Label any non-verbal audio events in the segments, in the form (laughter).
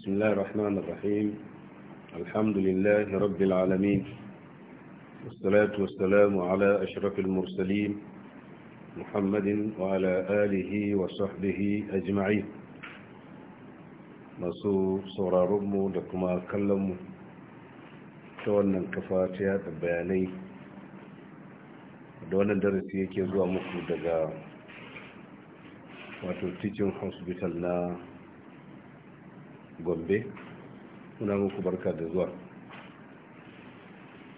بسم الله الرحمن الرحيم الحمد لله رب العالمين والصلاة والسلام على أشرف المرسلين محمد وعلى آله وصحبه أجمعين نصو صورة رمو لكما أكلم شوانا الكفاتية البياني دون درسي كيزو مخدقا وتلتجن حسبتنا gombe muna muku barka da zuwa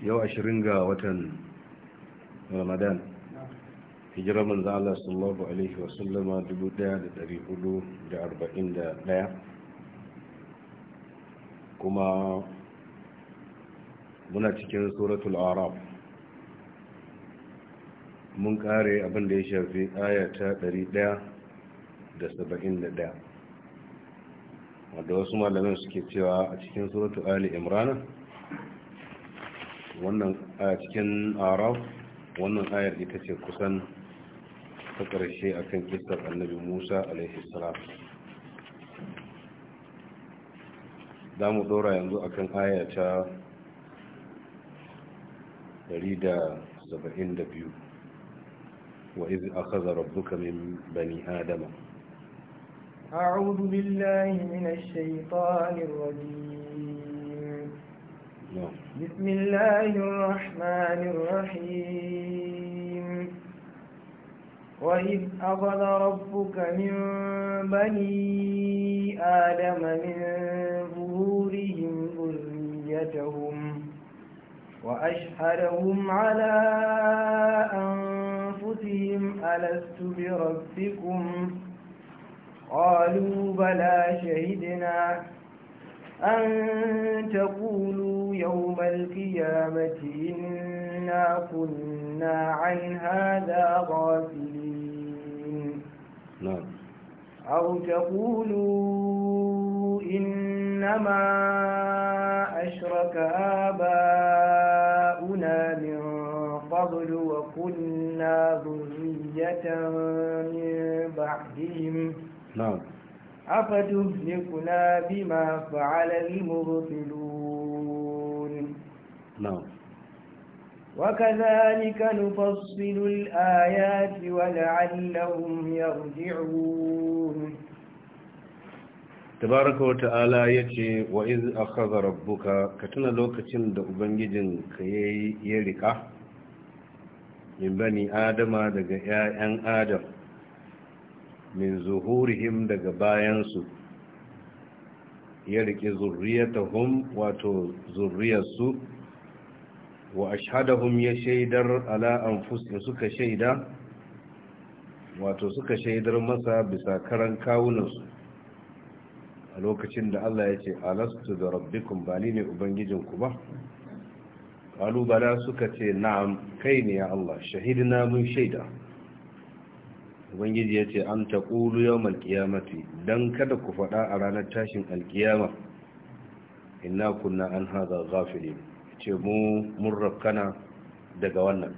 yau ashirin ga watan ramadan hijirar manzo Allah sallallahu alaihi wa sallama 1441 kuma muna cikin suratul araf mun kare abin da ya shafi aya ta 171 wadda wasu malamai suke cewa a cikin suratu ali imran wannan a cikin araf wannan ayar ita ce kusan ta ƙarshe a kan kistar annabi musa alaihissalam za mu ɗora yanzu a kan ayata 172 wa izi aka zarar duka min bani adama أعوذ بالله من الشيطان الرجيم نعم. بسم الله الرحمن الرحيم وإذ أخذ ربك من بني آدم من ظهورهم ذريتهم وأشهدهم على أنفسهم ألست بربكم ؟ قالوا بلى شهدنا أن تقولوا يوم القيامة إنا كنا عن هذا غافلين نعم أو تقولوا إنما أشرك آباؤنا من قبل وكنا ذرية من بعدهم Afadu ni kuna bi ma fa'ala ni mu rufi lori. Wa ka za a ni kanu fasi lori a ya ya ruji a wuri. Tabaraka ya ce wa izi a ka zara buka ka tuna lokacin da Ubangijin ka ya yi yari ka? Ni ba Adama daga ‘ya’yan Adam’. min zuhurihim daga bayansu ya riƙe zurriyatahum wato zurriyarsu wa ashhadahum ya shaidar ala anfusihim suka shaida wato suka shaidar masa bisa karan kawunansu a lokacin da Allah ya ce alastu da rabbikum ba ni ne ubangijinku ba kalubala suka ce na'am kai ne ya Allah shahidina mun shaida ubangiji ya ce an ta ƙulu yau malkiyamati don kada ku faɗa a ranar tashin alkiyama inna kunna an haza zafiri ce mu mun daga wannan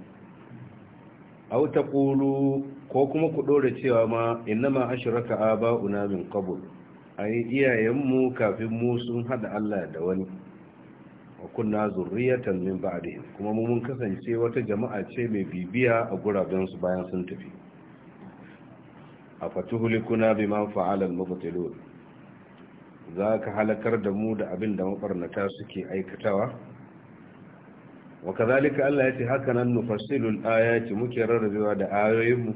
au ta ƙulu ko kuma ku ɗora cewa ma ina ma ashiraka a ba'una min kabul a yi iyayenmu kafin mu sun haɗa allah da wani A kunna zurriyatan min ba'dihim kuma mu mun kasance wata jama'a ce mai bibiya a guraben bayan sun tafi a fatuhulikuna bi man fa'alal mubtilun za ka halakar da mu da abin da mabarnata suke aikatawa wa kazalika Allah yace haka nan nufassilu al-ayati muke rarrabewa da ayoyinmu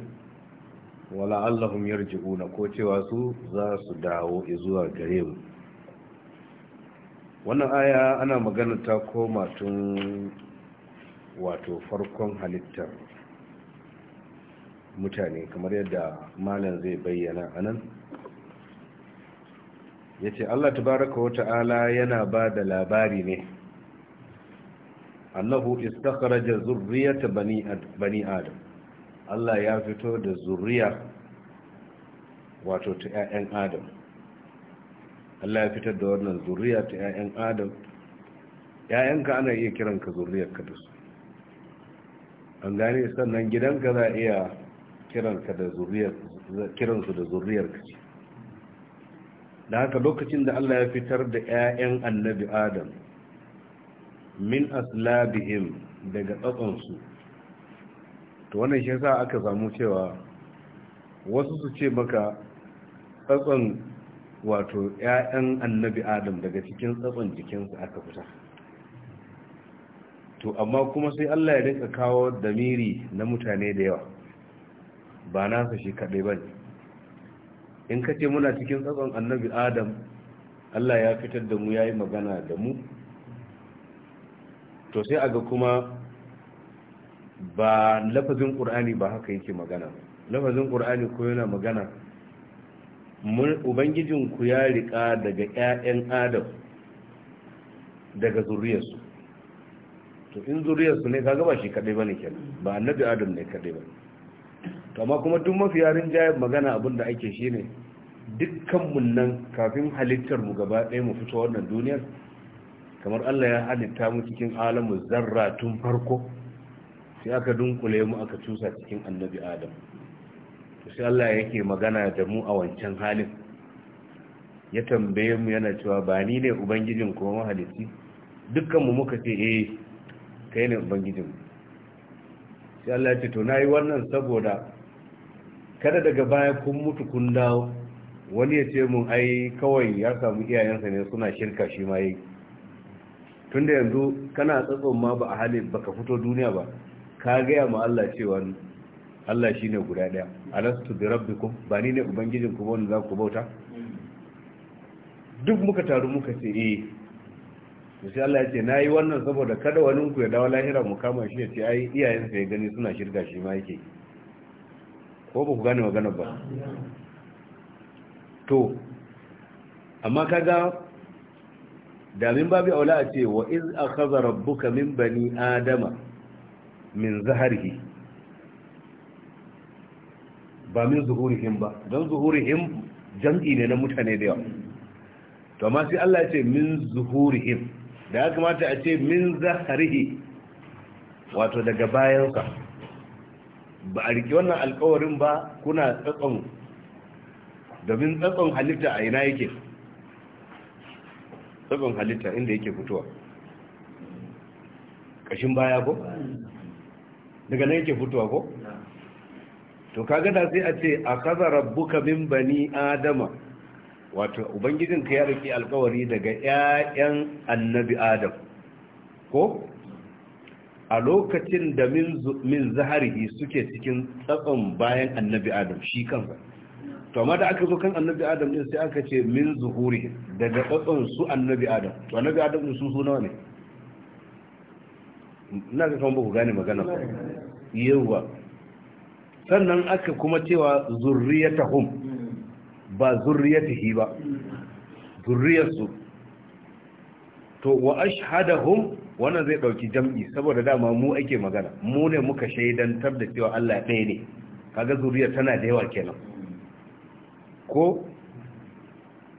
wala allahum yarji'una ko cewa su za su dawo zuwa gare mu wannan aya ana magana ta koma tun wato farkon halittar mutane kamar yadda malam zai bayyana a nan ya ce allah tabaraka wa ta'ala yana ba da labari ne annahu istakharaja zurriyata bani adam allah ya fito da zurriya wato ta 'ya'yan adam allah ya fitar da wannan zurriya ta 'ya'yan adam 'ya'yanka ana iya kiranka zurriyarka da su an gane sannan gidanka za a iya Kiransa da zuriyar kiransu da zuriyarka ce da haka lokacin da Allah ya fitar da 'ya'yan annabi Adam min aslabihim daga tsatsonsu to wannan shi sa aka samu cewa wasu su ce maka tsatson wato 'ya'yan annabi Adam daga cikin tsatson jikinsu aka fita to amma kuma sai Allah ya rinka kawo damiri na mutane da yawa ba nasa shi kaɗai ba ne in ka ce muna cikin tsatson annabi adam allah ya fitar da mu ya yi magana da mu to sai aga kuma ba lafazin ƙur'ani ba haka yake magana lafazin ƙur'ani ko yana magana ubangijinku ya riƙa daga 'ya'yan adam daga zuriyarsu to in zuriyarsu ne ka gaba shi kaɗai ba ne kenan ba annabi adam ne kaɗai ba ne to amma kuma duk yarin rinjayen magana abin da ake shi ne dukkanmu nan kafin halittar mu gaba ɗaya mu fito wannan duniyar kamar Allah ya halitta mu cikin alamu zarra tun farko sai aka dunkule mu aka cusa cikin annabi adam to sai Allah yake magana da mu a wancan halin ya tambaye mu yana cewa ba ni ne ubangijin kuma mahalici dukkanmu muka ce eh kai ne ubangijin sai Allah ya ce to nayi wannan saboda kada daga baya kun mutu kun dawo wani ya ce mun ai kawai ya samu iyayensa ne suna shirka shi ma yi tun da yanzu kana tsatson ma ba a ba baka fito duniya ba ka gaya ma Allah cewa Allah shi ne guda ɗaya alastu bi rabbikum ba ni ne ubangijin ku wanda za ku bauta duk muka taru muka ce eh to sai Allah ya ce nayi wannan saboda kada wani ku ya dawo lahira mu kama shi ya ce ai iyayensa ya gani suna shirka shi ma yake ko ba ku gane magana ba to amma kaga damin babi aula a ce wa iz akhadha rabbuka min bani adama min zahrihi ba min zuhurihim ba don zuhurihim jam'i ne na mutane da yawa to amma sai Allah ya ce min zuhurihim da ya kamata a ce min zahrihi wato daga bayansa ba a riƙe wannan alkawarin ba kuna tsatson domin tsatson halitta a ina yake tsatson halitta inda yake fitowa ƙashin baya ko daga nan yake fitowa ko to kaga da sai a ce a kaza rabbuka min bani adama wato ubangijinka ya riƙe alkawari daga 'ya'yan annabi adam ko a lokacin da min zahari suke cikin tsakon bayan annabi adam shi kansa to amma da aka zo kan annabi adam ne sai aka ce min zuhuri daga tsakon su annabi adam to annabi adam su su nawa ne ina ga kan ba ku gane magana ba yawa sannan aka kuma cewa zurriyatahum ba zurriyatihi ba zurriyarsu to wa ashhadahum wannan zai dauki jam'i saboda dama mu ake magana mu ne muka shaidantar da cewa Allah ɗaya ne kaga zuriyar tana da yawa kenan ko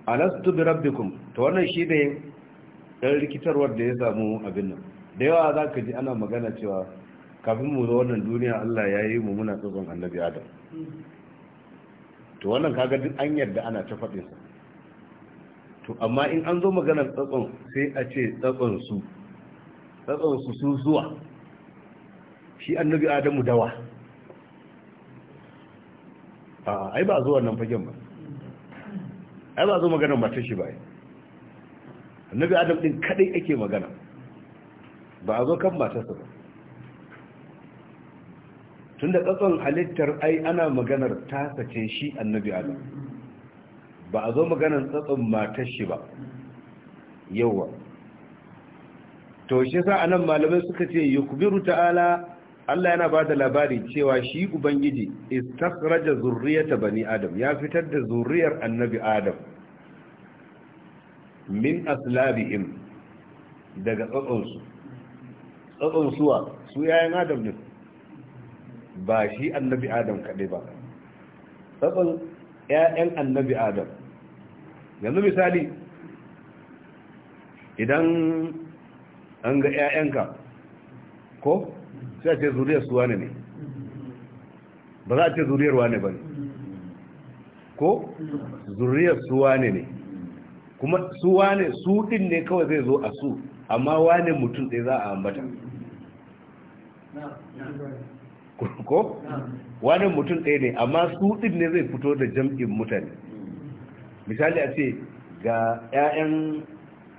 alastu bi rabbikum to wannan shi ne dan rikitarwar da ya samu abin nan da yawa za ka ji ana magana cewa kafin mu zo wannan duniya Allah ya yi mu muna tsotson annabi Adam to wannan kaga duk an yarda ana ta faɗin sa to amma in an zo maganar tsotson sai a ce tsotson su tsatsar su zuwa shi annabi adamu dawa a ai ba zuwa nan fagen ba ai ba zo magana matar shi ba annabi adam din kadai ake magana ba a zo kan matarsa ba tun da tsatson halittar ai ana maganar tasa ce shi annabi adam ba a zo maganar tsatson matar shi ba yauwa to shi sa anan malamai suka ce yukbiru ta'ala Allah yana ba da labari cewa shi ubangiji istakhraja zurriyata bani adam ya fitar da zurriyar annabi adam min aslabihim daga tsotsonsu tsatsonsuwa su yayin adam ne ba shi annabi adam kaɗai ba tsatson ƴaƴan annabi adam yanzu misali idan an ga 'ya'yanka ko sai a ce zuriyar su wane ne ba za a ce zuriyar wane ba ne ko zuriyar su wane ne kuma su wane su din ne kawai zai zo a su amma wane mutum ɗaya za a ambata ko wane mutum ɗaya ne amma su din ne zai fito da jam'in mutane misali a ce ga 'ya'yan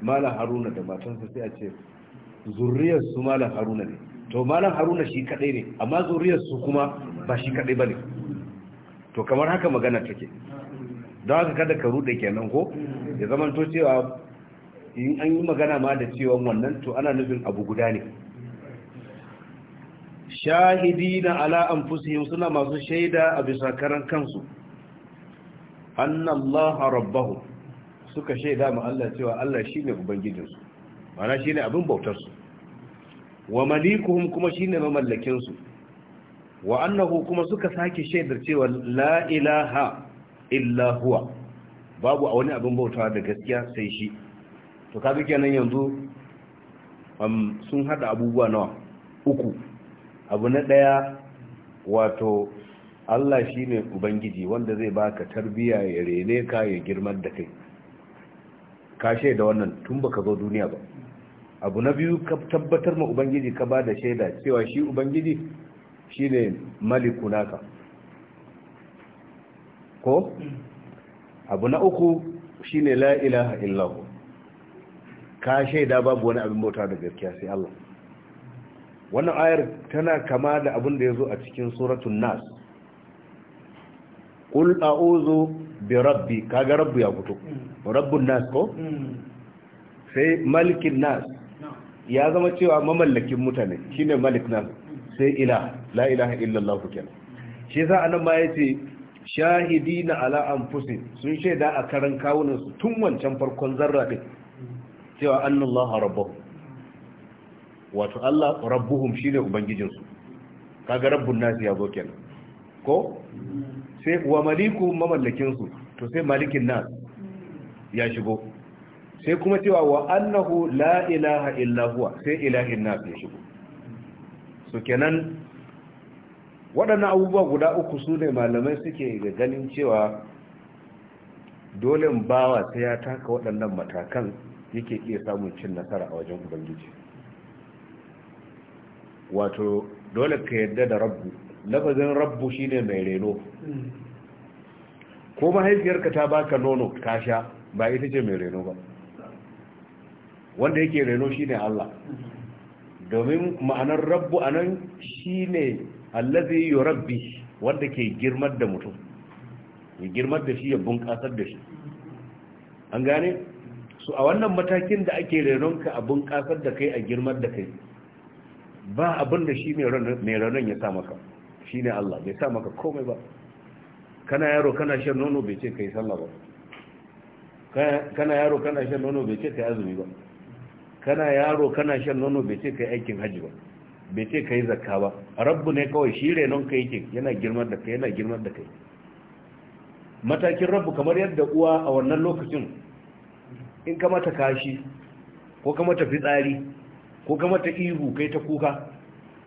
malam haruna da matansa sai a ce zurriyar su malam haruna ne to malam haruna shi kadai ne amma zurriyar su kuma ba shi kadai bane to kamar haka magana take don haka kada ka rude kenan ko ya zamanto cewa in an yi magana ma da cewa wannan to ana nufin abu guda ne shahidi na ala anfusihim suna masu shaida a bisa karan kansu annallaha rabbahu suka shaida ma Allah cewa Allah shine ubangijinsu mana ne abin bautarsu wa malikuhum kuma shine mamallakin su wa annahu kuma suka sake shaidar cewa la ilaha illa huwa babu a wani abin bautawa da gaskiya sai shi to kaga kenan yanzu um, sun hada abubuwa nawa uku abu na daya wato Allah shi ne ubangiji wanda zai baka tarbiya ya rene ka ya girman da kai ka shaida wannan tun baka zo duniya ba abu na biyu ka tabbatar ma ubangiji ka ba da shaida cewa shi ubangiji shine maliku naka ko abu na uku shine la ilaha illahu ka shaida babu wani abin bauta da gaskiya sai Allah wannan ayar tana kama da abin da ya zo a cikin suratun nas kul a'udhu bi rabbi kaga rabbu ya fito rabbun nas ko sai malikin nas ya zama cewa mamallakin mutane shine malik nas sai ila la ilaha illallah kenan shi yasa anan ma yace shahidina ala anfusihim sun shaida a karan kawunan su tun wancan farkon zarra din cewa annallahu rabbuhum wato Allah rabbuhum shine ubangijinsu kaga rabbun nas ya zo kenan ko sai wa maliku mamallakinsu to sai malikin nas ya shigo sai kuma cewa wa annahu la ilaha illa huwa sai ilahin nas ya shigo so kenan waɗannan abubuwa guda uku su ne malamai suke ga ganin cewa dole bawa sai ya taka waɗannan matakan yake iya samun cin nasara a wajen ubangiji wato dole ka yadda da rabbi lafazin rabbu shine mai reno ko mahaifiyarka ta baka nono ka sha ba ita ce mai reno ba wanda yake reno shine Allah domin ma'anar rabbu anan shine allazi yurabbi wanda ke girmar da mutum ya girmar da shi ya bunƙasar da shi an gane su a wannan matakin da ake ka a bunƙasar da kai a girmar da kai ba abin da shi mai ranar ya sa maka Shi ne Allah bai sa maka komai ba kana yaro kana shan nono bai ce kai sallah ba kana yaro kana shan nono bai ce kai azumi ba kana yaro kana shan nono bai ce kai aikin haji ba bai ce kai zakka ba rabbu ne kawai shi renon ka yake yana girman da kai yana girman da kai matakin rabbu kamar yadda uwa a wannan lokacin in ka mata kashi ko ka mata fitsari ko ka mata ihu kai ta kuka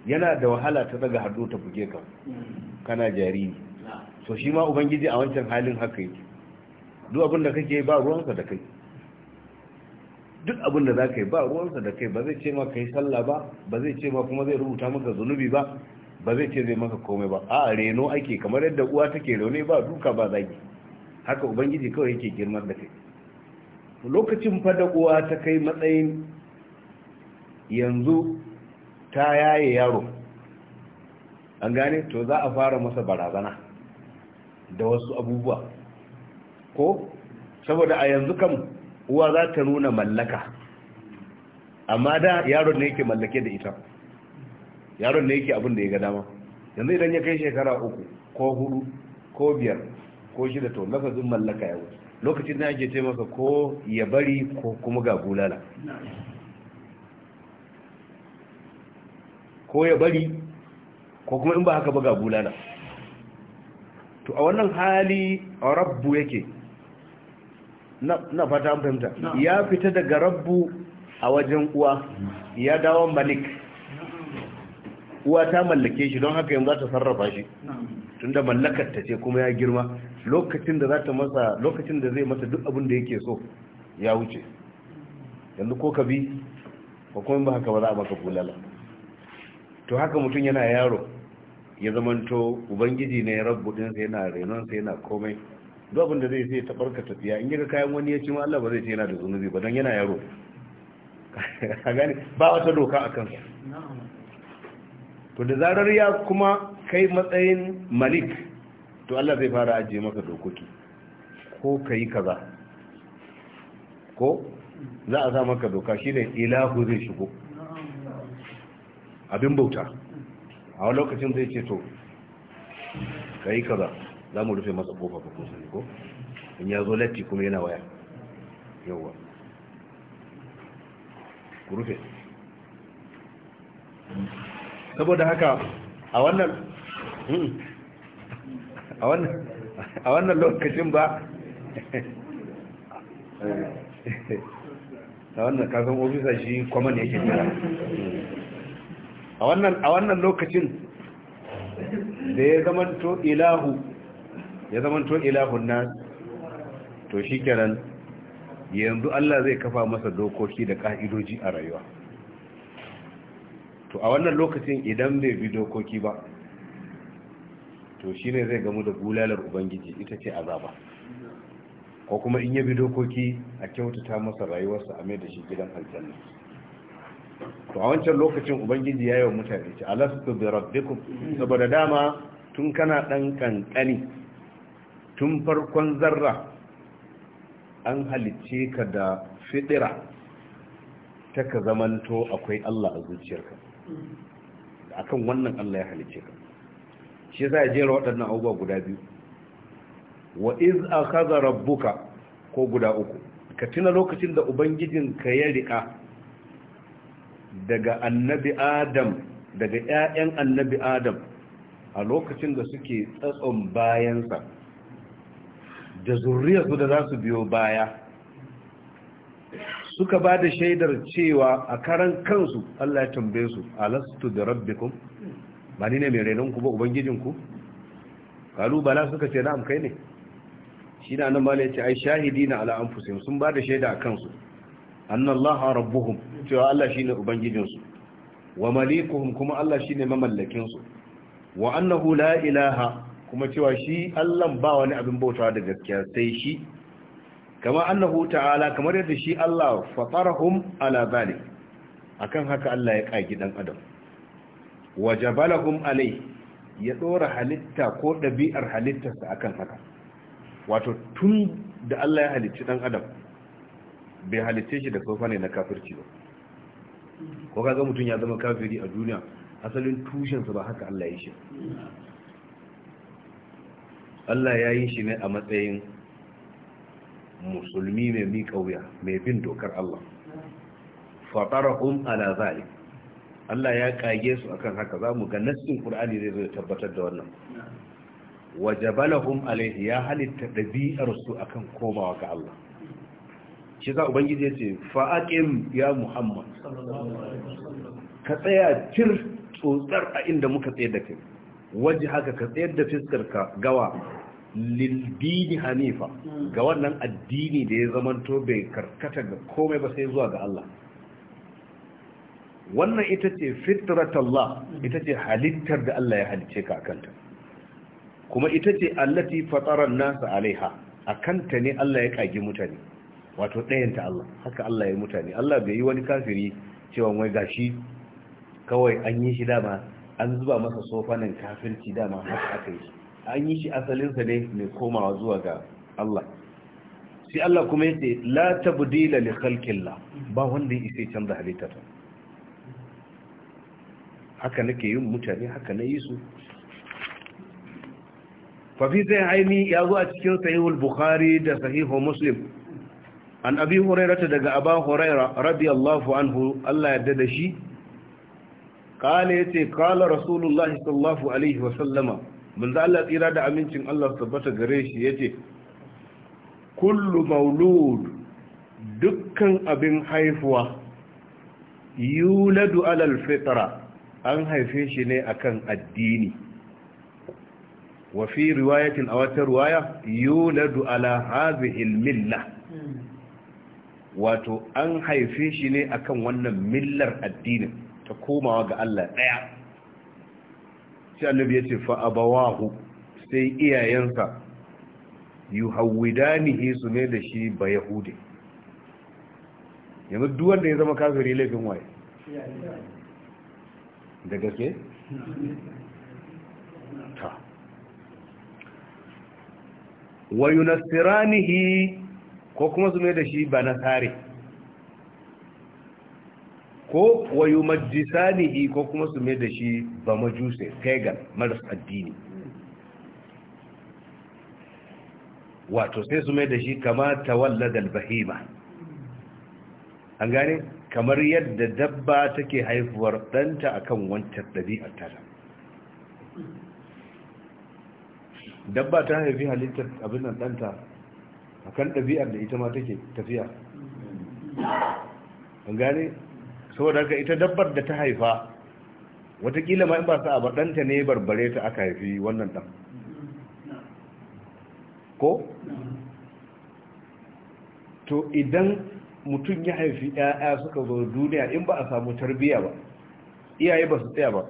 yana da wahala ta daga hadu ta buge ka kana jariri so shi ma ubangiji a wancan halin haka yake duk abin da kake ba ruwansa da kai duk abin da za ka yi ba ruwansa da kai ba zai ce maka yi sallah ba ba zai ce ma kuma zai rubuta maka zunubi ba ba zai ce zai maka komai ba a reno ake kamar yadda uwa take rauni ba duka ba zagi haka ubangiji kawai yake girman da kai lokacin fada uwa ta kai matsayin yanzu ta yaye yaro an gane to za a fara masa barazana da wasu abubuwa ko saboda a yanzu kan uwa za ta nuna mallaka amma da yaron ne yake mallake da ita yaron ne yake abin da ya ga dama yanzu idan ya kai shekara uku ko hudu ko biyar ko shida to lafazin mallaka ya wuce lokacin da ake ce masa ko ya bari ko kuma ga bulala ko ya bari ko kuma in ba haka ba ga bulala to a wannan hali rabbu yake na fata an ya fita daga rabbu a wajen uwa ya dawo malik uwa ta mallake shi don haka yanzu za ta sarrafa shi tunda mallakar ta ce kuma ya girma lokacin da za ta masa lokacin da zai masa duk abin da yake so ya wuce yanzu ko ka bi ko kuma ba haka ba za a maka bulala to haka mutum yana yaro ya zamanto ubangiji ne rabbu dinsa yana renonsa yana komai duk abin da zai sai ta barka tafiya in yaga kayan wani ya ci ma Allah ba zai ce yana da zunubi ba don yana yaro (laughs) a gane ba wata doka a kansa to da zarar ya kuma kai matsayin malik to Allah zai fara ajiye maka dokoki ko ka yi kaza ko za a sa maka doka shi da ilahu zai shigo abin bauta a wani lokacin zai ce to ka yi kaza za mu rufe masa kofa ko kusa ne ko in ya zo latti kuma yana waya yauwa ku rufe saboda haka a wannan hmm, a wannan lokacin ba (laughs) a wannan kafin ofisa shi kwamani yake jira a wannan lokacin da ya zamanto ilahu ya zamanto ilahun to shi kenan yanzu Allah zai kafa masa dokoki da ka'idoji a rayuwa to a wannan lokacin idan bai bi dokoki ba to shi ne zai gamu da bulalar ubangiji ita ce azaba ko kuma in ya bi dokoki a kyautata masa rayuwarsa a mai da shi gidan aljanna to a wancan lokacin ubangiji ya yi wa mutane ce alastu bi rabbikum saboda dama tun kana dan kankani tun farkon zarra an halicce ka da fitira ta ka zamanto akwai Allah a zuciyarka akan wannan Allah ya halicce ka shi yasa ya jera waɗannan abubuwa guda biyu wa iz akhadha rabbuka ko guda uku ka tuna lokacin da ubangijinka ya rika daga annabi adam daga 'ya'yan annabi adam a lokacin da suke tsatson bayansa da zurriyarsu da za su biyo baya suka ba da shaidar cewa a karan kansu Allah ya tambaye su alastu da rabbikum ba ni ne mai renonku ba ubangijinku kalu bala suka ce na'am kai ne shi na nan ya ce ai shahidi na ala sun ba da shaida a kansu annallaha rabbuhum cewa Allah shine ubangijinsu wa malikuhum kuma Allah shine mamallakinsu wa annahu la ilaha kuma cewa shi Allah ba wani abin bautawa da gaskiya sai shi kama annahu ta'ala kamar yadda shi Allah fatarahum ala zalik akan haka Allah ya kagi dan adam wa alai ya dora halitta ko dabi'ar halittarsa akan haka wato tun da Allah ya halicci dan adam bai halitta shi da tsofa ne na kafirci ba ko kaga mutum ya zama kafiri a duniya asalin tushensa ba haka Allah ya shi Allah ya yi shi ne a matsayin musulmi mai miƙa wuya mai bin dokar Allah fatarahum ala zalik Allah ya kage su akan haka za mu ga nassin Qur'ani zai zo tabbatar da wannan wajabalahum alaihi ya halitta dabi'ar su akan komawa ga Allah shi za ubangiji ya ce fa'aƙin ya muhammad ka tsaya cir tsotsar a inda muka tsaye da kai waje haka ka tsayar da fiskarka gawa lildini hanifa ga wannan addini da ya zamanto bai karkata ga komai ba sai zuwa ga Allah wannan ita ce fitratallah ita ce halittar da Allah ya halice ka akanta kuma ita ce allati fataran nasa alaiha akanta ne Allah ya kage mutane wato ɗayanta Allah haka Allah ya mutane Allah bai yi wani kafiri cewa wai gashi kawai an yi shi dama an zuba masa sofanin kafirci dama haka aka yi an yi shi asalinsa ne mai komawa zuwa ga Allah sai Allah kuma yace la tabdila li khalqillah ba wanda yake canza ta haka nake yin mutane haka na yi su fi sai aini ya zo a cikin sahihul bukhari da sahihul muslim an abi hurairata daga aba huraira radiyallahu anhu Allah yarda da shi kala yace kala rasulullahi sallallahu alaihi wa sallama manzo Allah tsira da amincin Allah tabbata gare shi yace kullu maulud dukkan abin haifuwa yuladu alal fitra an haife shi ne akan addini wa fi riwayatin wata riwaya yuladu ala hadhihi al wato an haife shi ne akan wannan millar addinin ta komawa ga Allah ɗaya shi annabi ya ce fa abawahu sai iyayensa hauwidanihi su ne da shi ba yahudi yanzu duwar da ya zama kafiri laifin waye da gaske ta wa ko kuma su mai da shi ba na tsari ko wayu majisanihi ko kuma su mai da shi ba majuse pagan maras addini wato sai su mai da shi kama tawalladal bahima an gane kamar yadda dabba take haifuwar ɗanta akan wancan ɗabi'ar tata dabba ta haifi halittar abin nan ɗanta akan ɗabi'ar da ita ma take tafiya an gane saboda haka ita dabbar da ta haifa watakila ma in ba su a baɗanta ne barbare ta aka haifi wannan ɗan ko? to idan mutum ya haifi 'ya'ya suka zo duniya in ba a samu tarbiyya ba iyaye ba su tsaya ba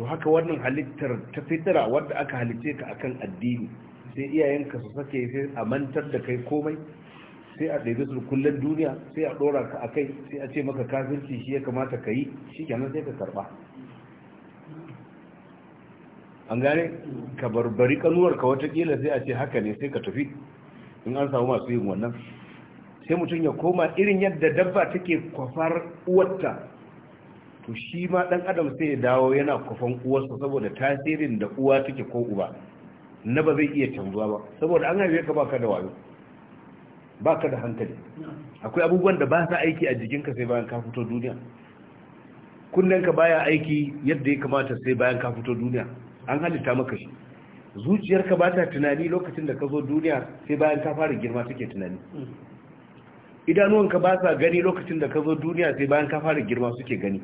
to haka wannan halittar ta fitara wadda aka halitce ka akan addini sai iyayenka su sake sai a mantar da kai komai sai a ɗaiɗe su kullum duniya sai a ɗora ka a kai sai a ce maka kafirci shi ya kamata ka yi shi kenan sai ka karɓa an gane ka barbari kanuwar ka watakila sai a ce haka ne sai ka tafi in an samu masu yin wannan sai mutum ya koma irin yadda dabba take kwafar uwarta to shi ma ɗan adam sai ya dawo yana kwafan uwarsa saboda tasirin da uwa take ko uba na ba zai iya canzuwa ba saboda an haife ka baka da wayo baka da hankali akwai abubuwan da ba sa aiki a jikinka sai bayan ka fito duniya ka baya aiki yadda ya kamata sai bayan ka fito duniya an halitta maka shi zuciyarka ba ta tunani lokacin da ka zo duniya sai bayan ka fara girma take tunani idanuwanka ba sa gani lokacin da ka zo duniya sai bayan ka fara girma suke gani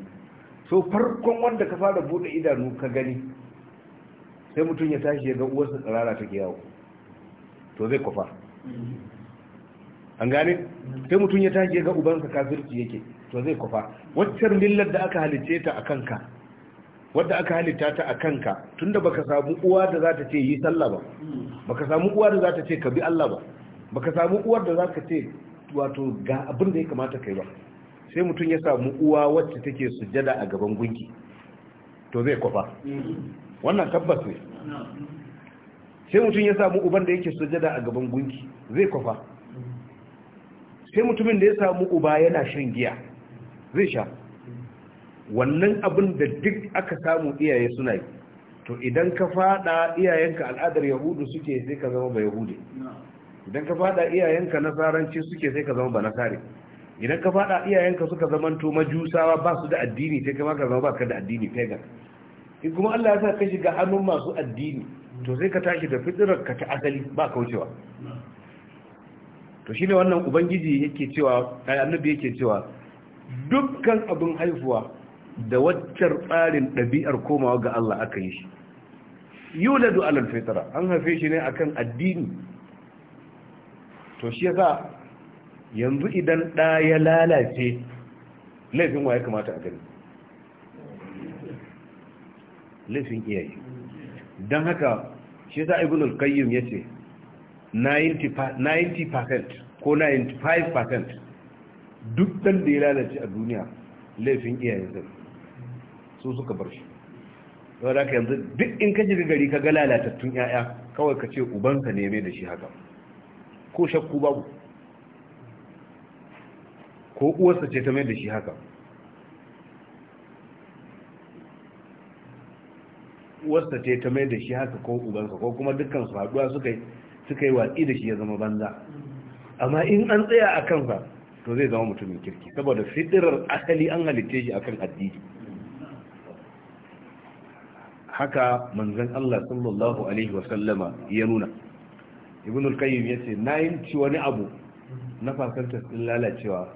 so farkon wanda ka fara bude idanu ka gani sai mutum ya tashi ya ga uwarsa tsirara take yawo to zai kwafa an gane sai mutum ya tashi ya ga ubansa kafirci yake to zai kwafa waccan millar da aka halitta ta a kanka wadda aka halitta ta a kanka da baka samu uwa da za ta ce yi sallah ba baka samu uwa da za ta ce ka bi Allah ba baka samu uwar da za ka ce wato ga abin da ya kamata kai ba sai mutum ya samu uwa wacce take sujada a gaban gunki to zai kwafa wannan tabbas ne sai mutum ya samu uban da yake sujada a gaban gunki zai kwafa sai mutumin da ya samu uba yana shan giya zai sha wannan abin da duk aka samu iyaye suna yi to idan ka fada iyayenka al'adar yahudu suke sai ka zama ba yahudi idan ka fada iyayenka nasaranci suke sai ka zama ba nasari idan ka fada iyayenka suka zama to majusawa ba su da addini sai kama ka zama ba ka da addini pagan in kuma Allah ya sa ka shiga hannun masu addini to sai ka tashi da fitirar ka ta asali ba kaucewa to shine wannan ubangiji yake cewa ai annabi yake cewa dukkan abin haifuwa da waccar tsarin ɗabi'ar komawa ga Allah aka yi shi yuladu alal fitra an haife shi ne akan addini to shi yasa yanzu idan ɗa ya lalace laifin wa ya kamata a gani laifin iyaye don haka shi za ibn al-qayyim ya ce 90% ko 95% duk ɗan da ya lalace a duniya laifin iyayen zai su suka bar shi yau da aka yanzu duk in ka jirga gari ka ga lalatattun 'ya'ya kawai ka ce ubanka ne mai da shi haka ko shakku babu ko uwarsa ce ta mai da shi haka uwarsa ce ta mai da shi haka ko ubansa ko kuma dukkan su haduwa suka suka yi watsi da shi ya zama banza amma in an tsaya a kansa to zai zama mutumin kirki saboda fitirar asali an halitta shi akan addini haka manzon Allah sallallahu alaihi wa sallama ya nuna al qayyim yace yin ci wani abu na fasantar sun lalacewa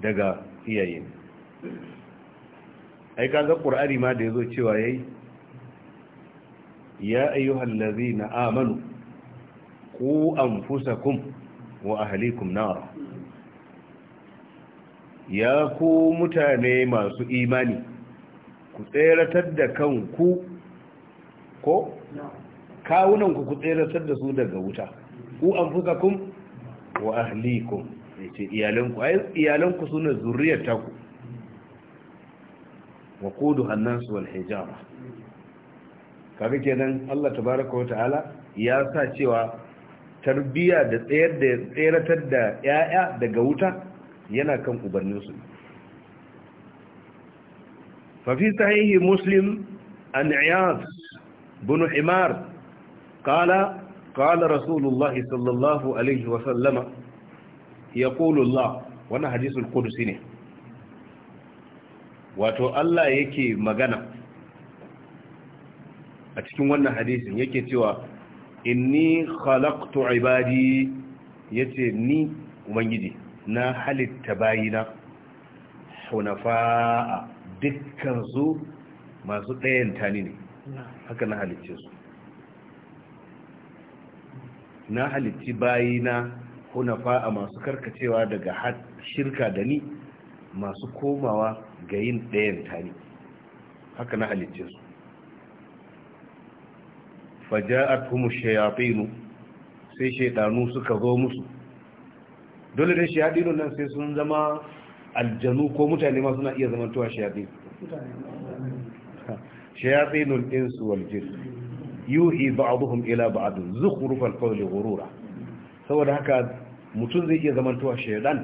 daga iyaye ai kaga qur'ani ma da yazo cewa yayi ya ayyuhal ladzina amanu ku an anfusakum wa ahlikum nar ya ku mutane masu imani ku tseratar da kanku ko kawunan ku ku tseratar da su daga wuta ku an fusakun wa ahlikum yace iyalanku ai iyalanku sune zuriyar taku wa qudu annas wal hijara kaga kenan Allah tabaraka wa ta'ala ya sa cewa tarbiya da tsayar da tseratar da yaya daga wuta yana kan ubanninsu fa fi sahihi muslim an iyas bin himar qala qala rasulullahi sallallahu alaihi wa sallama yaqulu Allah wannan hadisul qudsi ne wato Allah yake magana a cikin wannan hadisin yake cewa inni khalaqtu ibadi yace ni ubangiji na halitta bayina hunafa dukkan su masu ɗayan tani ne haka na halicce su na halitta bayina hunafa'a masu karkacewa daga shirka da ni masu komawa ga yin ɗayan tani haka na halicce su faja'atuhum shayatin sai shaydanu suka zo musu dole ne shayadinun nan sai sun zama aljanu ko mutane ma suna iya zama tuwa shayadin shayatinul insu wal jin yuhi ba'dhum ila ba'd zukhrufal qawli ghurura saboda haka mutun zai iya zama tuwa shaydan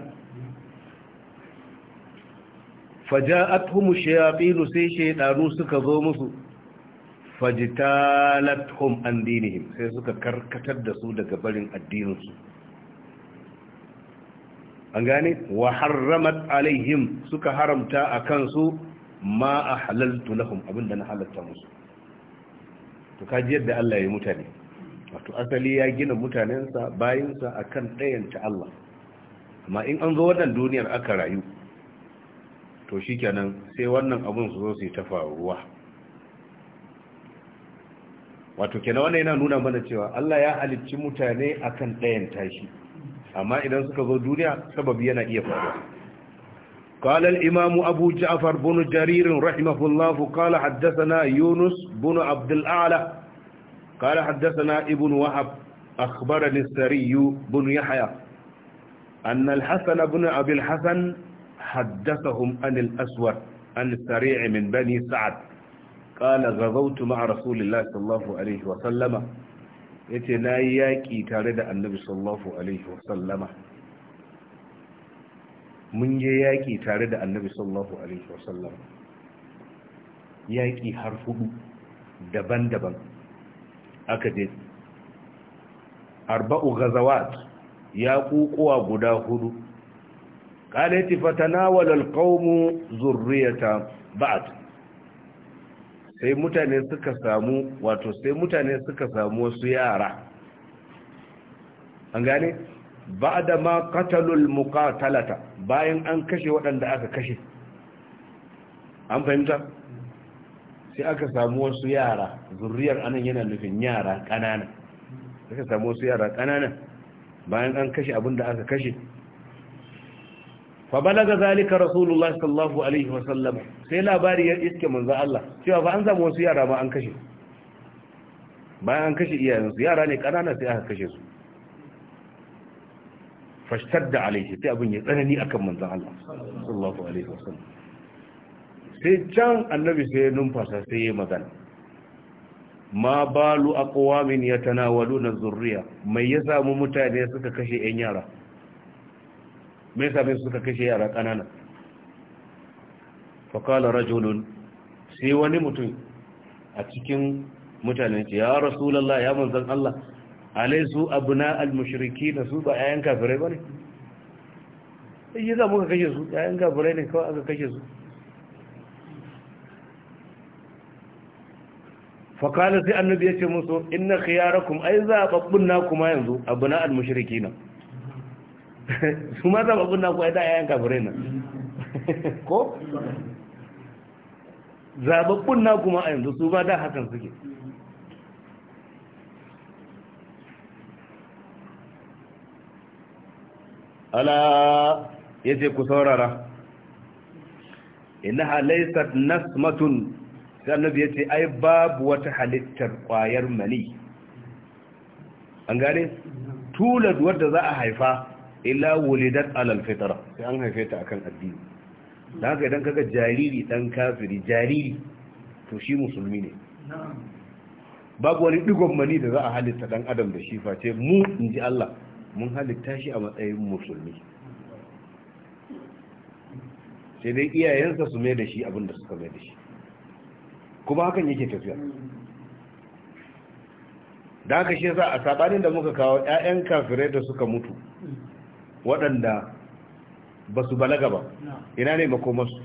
faja'atuhum shayatin sai shaydanu suka zo musu hum an dinihim sai suka karkatar da su daga barin addininsu an gane wa harramat alaihim suka haramta a kansu ma a halaltu lahum abinda na halatta musu to kaji yadda Allah ya mutane wato asali ya gina mutanensa bayinsa akan ɗayanta Allah amma in an zo wannan duniyar aka rayu to shikenan sai wannan abun su zo su yi wato kenan wannan yana nuna mana cewa Allah ya halicci mutane akan ɗayan tashi amma idan suka zo duniya sababi yana iya faruwa قال الإمام أبو جعفر بن جرير رحمه الله قال حدثنا يونس بن عبد الأعلى قال حدثنا ابن وهب أخبرني السري بن يحيى أن الحسن بن أبي الحسن حدثهم عن الأسود عن السريع من بني سعد qala ghazawtu ma'a rasulillahi sallallahu alaihi wa sallama yace nayi yaki tare da annabi sallallahu alaihi wa sallama mun je yaki tare da annabi sallallahu alaihi wa sallama yaki har hudu daban-daban aka je arba'u ghazawat ya kukuwa guda hudu قالت فتناول القوم ذرية بعد sai mutane suka samu wato sai mutane suka samu wasu yara an gane ba da ma katalul mukatalata bayan an kashe waɗanda aka kashe an fahimta sai aka samu wasu yara zurriyar anan yana nufin yara ƙanana aka samu wasu yara ƙanana bayan an kashe abinda aka kashe fa balaga zalika rasulullahi sallallahu alaihi wasallam sai labari ya iske manzo Allah cewa ba an zama wasu yara ba an kashe bayan an kashe iyayensu yara ne kanana sai aka kashe su fashtadda alaihi sai abin ya tsanani akan manzo Allah sallallahu alaihi wasallam sai can annabi sai ya numfasa sai ya magana ma balu aqwamin yatanawaluna zurriya mai ya samu mutane suka kashe yan yara me yasa bai suka kashe yara kanana fa qala rajulun sai wani mutum a cikin mutanen ya rasulullah ya manzon Allah alaisu abna al-mushrikin su ba ayan kafirai bane sai yasa muka kashe su ayan kafirai ne kawai aka kashe su fakala sai annabi ya ce musu inna khiyarakum ai zababbun na kuma yanzu abna al na. su ma zama abin nan kwaye da yayan kafirai nan ko zababbun na kuma a yanzu su ba da hakan suke ala ya ce ku saurara Ina laysat nasmatun sai annabi ya ce ai babu wata halittar kwayar mani an gane tulad wadda za a haifa illa wulidat alal fitra sai an haife ta akan addini dan haka idan kaga jariri dan kafiri jariri to shi musulmi ne babu wani digon mani da za a halitta dan adam da shi face mu inji Allah mun halitta shi a matsayin musulmi sai dai iyayensa su mai da shi abin da suka mai da shi kuma hakan yake tafiya da haka shi yasa a sabanin da muka kawo ƴaƴan kafirai da suka mutu waɗanda ba su balaga ba ina ne makomarsu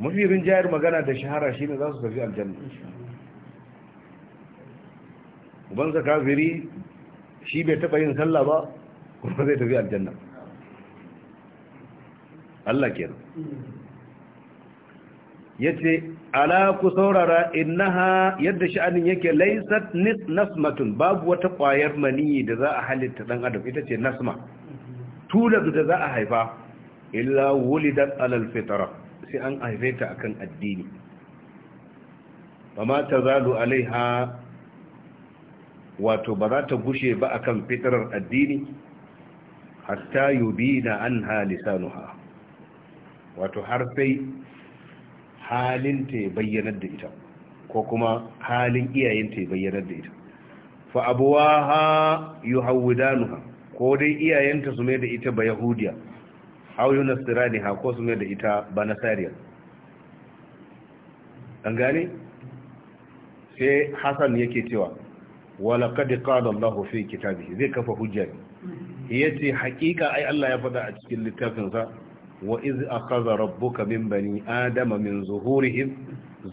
mafi rinjayar magana da shahara shi ne za su tafi aljanna sa kafiri shi bai taɓa yin sallah ba kuma zai tafi aljanna Allah ke. Ya ce ala ku saurara innaha yadda sha'anin yake laisat nasmatun babu wata ƙwayar maniyi da za a halitta dan adam ita ce nasma tulad da za a haifa illa wulidat alal fitra sai an haife ta akan addini amma ta zalu alaiha wato ba za ta gushe ba akan fitrar addini hatta yubina anha lisanuha wato har sai halin ta bayyanar da ita ko kuma halin iyayen ta bayyanar da ita fa abuwaha yuhawwidanuha ko dai iyayenta su mai da ita ba yahudiya hau yi nasira ne hako su mai da ita ba nasariya an gane sai hassan yake cewa wala kadi qala Allahu fi zai kafa hujja ne. ce hakika ai Allah ya faɗa a cikin littafinsa wa izi iz akhadha rabbuka min bani adama min zuhurihim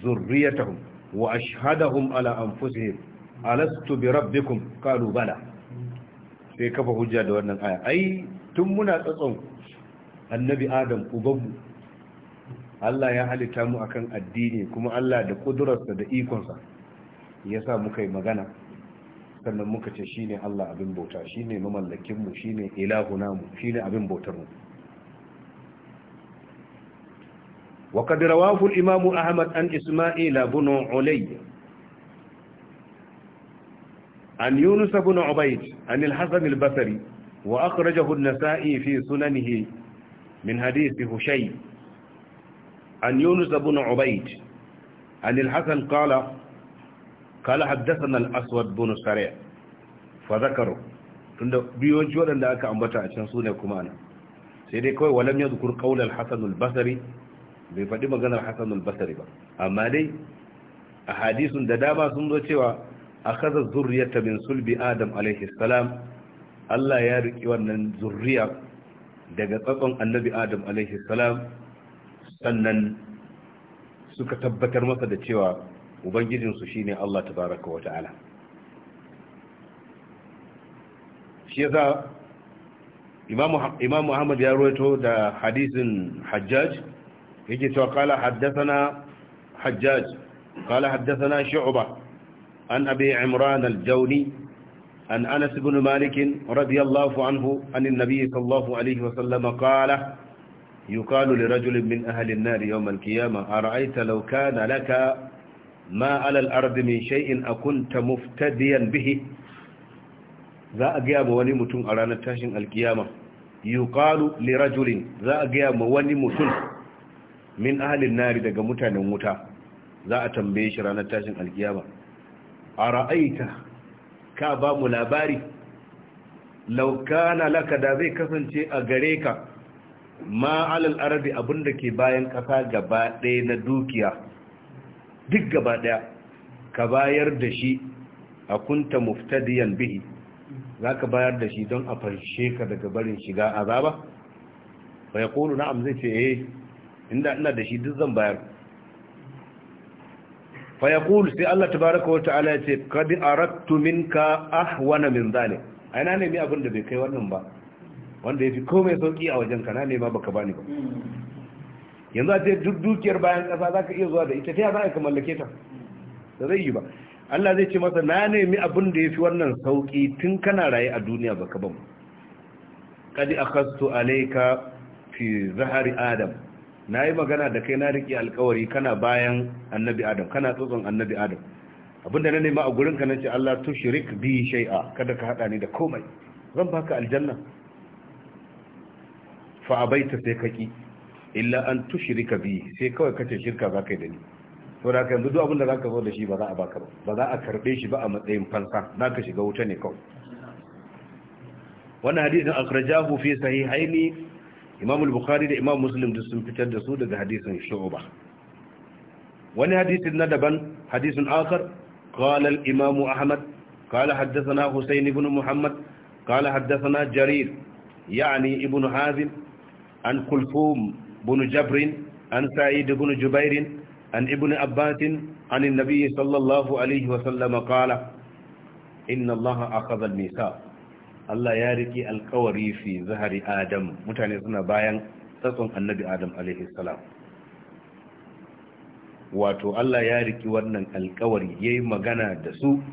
zurriyatahum wa ashhadahum ala anfusihim alastu bi rabbikum qalu bala sai kafa hujja da wannan aya ai tun muna tsatson annabi adam ubanmu Allah ya halitta mu akan addini kuma Allah da kudurarsa da ikonsa ya sa muka yi magana sannan muka ce shine Allah abin bauta shine mamallakin mu shine namu, mu shine abin bautar mu وقد رواه Ahmad an an إسماعيل bunu علي عن يونس بن عبيد عن الحسن البصري وأخرجه النسائي في سننه من حديث هشي عن يونس بن عبيد عن الحسن قال قال حدثنا الأسود بن سريع فذكروا tunda biyoci waɗanda aka ambata a can su ne kuma ana sai dai kawai walam ya zukur kaular hassanul basari bai faɗi maganar hassanul basari ba amma dai a da dama sun zo cewa akhadha zurriyata min sulbi adam alaihi salam Allah ya riki wannan zurriya daga tsakon annabi adam alaihi salam sannan suka tabbatar masa da cewa ubangijinsu shine Allah tabaraka wa ta'ala shi yasa imamu ahmad ya raito da hadisin hajjaj yake cewa kala haddathana hajjaj kala haddathana shu'ba عن أبي عمران الجوني عن أنس بن مالك رضي الله عنه عن النبي صلى الله عليه وسلم قال يقال لرجل من أهل النار يوم القيامة أرأيت لو كان لك ما على الأرض من شيء أكنت مفتديا به za a gaya ma wani mutum a ranar tashin alkiyama yuqalu li rajulin za a gaya ma wani mutum min ahalin nari daga mutanen wuta za a tambaye shi ranar tashin alkiyama a ra'aita ka ba mu labari laukana laka da zai kasance a gare ka ma alal arabi abinda ke bayan kasa gaba ɗaya na dukiya duk gaba ɗaya ka bayar da shi a kunta muftadiyan bihi za ka bayar da shi don a farshe ka daga barin shiga azaba bai kulu na'am zai ce eh inda ina da shi duk zan bayar fa Kulu sai Allah baraka wa ta'ala ya ce kad aradtu minka ahwana min zalik ai na nemi abin da bai kai wannan ba wanda yafi komai sauki a wajen ka na nema baka bani ba yanzu a ce duk dukiyar bayan kasa zaka iya zuwa da ita ta za ka mallake ta da zai yi ba Allah zai ce masa na nemi abin da yafi wannan sauki tun kana raye a duniya baka ban kad akhastu alayka fi zahari adam na yi magana da kai na riƙe alkawari kana bayan annabi adam kana tsotson annabi adam abinda na nema a gurin ka nace Allah tu shirik bi shay'a kada ka hada ni da komai zan baka aljanna fa abaita sai ka ki illa an tushrika bi sai kawai kace shirka ba kai da ni to da yanzu duk abinda zaka zo da shi ba za a baka ba ba za a karbe shi ba a matsayin fansa ka shiga wuta ne kawai wannan hadisin akhrajahu fi sahihaini imam al-bukhari da imam muslim duk sun fitar da su daga hadisin shu'ba wani hadisin na daban hadisin akhar qala al-imam ahmad qala haddathana husayn ibn muhammad qala haddathana jarir yani ibn hazim an kulfum ibn jabr an sa'id ibn jubair an ibn abbas an an-nabi sallallahu alayhi wa sallam qala inna allaha akhadha al-mithaq Allah ya riƙe alkawari fi zahari Adam mutane suna bayan tsatson annabi Adam alaihi salam wato Allah ya riƙe wannan alkawari yayi magana da su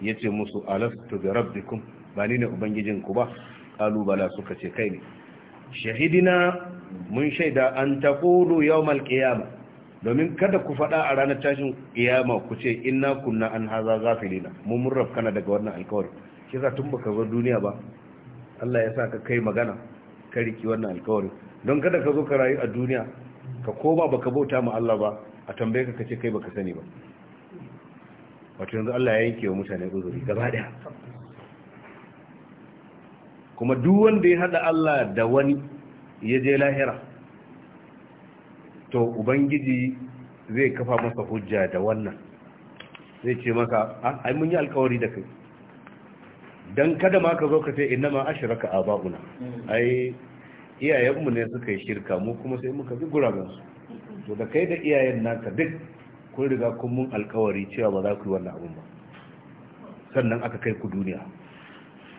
yace musu alastu bi rabbikum ba ni ne ubangijin ku ba qalu suka ce kai ne shahidina mun shaida an taqulu yawmal qiyamah domin kada ku faɗa a ranar tashin kiyama ku ce inna kunna an haza gafilina mun murrafkana daga wannan alkawari kisa tun baka bar duniya ba Allah ya sa ka kai magana ka riki wannan alkawarin don kada ka zo ka rayu a duniya ka koma baka bauta ma Allah ba a tambaye ka kace kai baka sani ba wato yanzu Allah ya yanke wa mutane uzuri gaba daya kuma duk wanda ya hada Allah da wani ya je lahira to ubangiji zai kafa masa hujja da wannan zai ce maka ah, ai mun yi alkawari da kai don kada ma ka zo ka ce inna ma ashiraka aba'una ai iyayenmu ne suka yi shirka mu kuma sai muka bi su. to da kai da iyayen naka duk kun riga kun mun alkawari cewa ba za ku yi wannan abun ba sannan aka kai ku duniya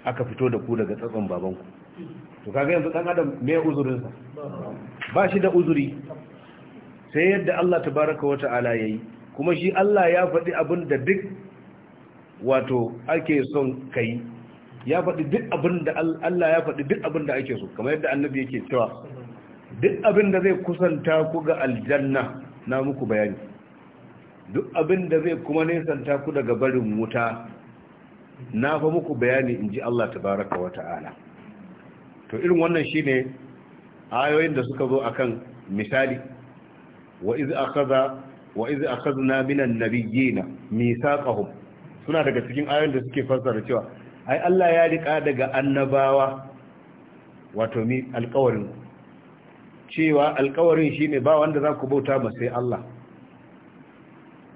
aka fito da ku daga tsatson ku. to kaga yanzu dan adam me uzurinsa ba shi da uzuri sai yadda Allah tabaraka wa ta'ala yayi kuma shi Allah ya faɗi abin da duk wato ake son kai ya faɗi duk abin da Allah ya faɗi duk abin da ake so kamar yadda annabi yake cewa duk abin da zai kusanta ku ga aljanna na muku bayani duk abin da zai kuma nesanta ku daga barin wuta na fa muku bayani in ji Allah tabaraka wa ta'ala to irin wannan shine ayoyin da suka zo akan misali wa iz akhadha wa iz akhadna minan nabiyyina mithaqahum suna daga cikin ayoyin da suke fassara cewa ai Allah ya rika daga annabawa wato mi alƙawarin cewa alƙawarin shine ba wanda za ku bauta ba sai Allah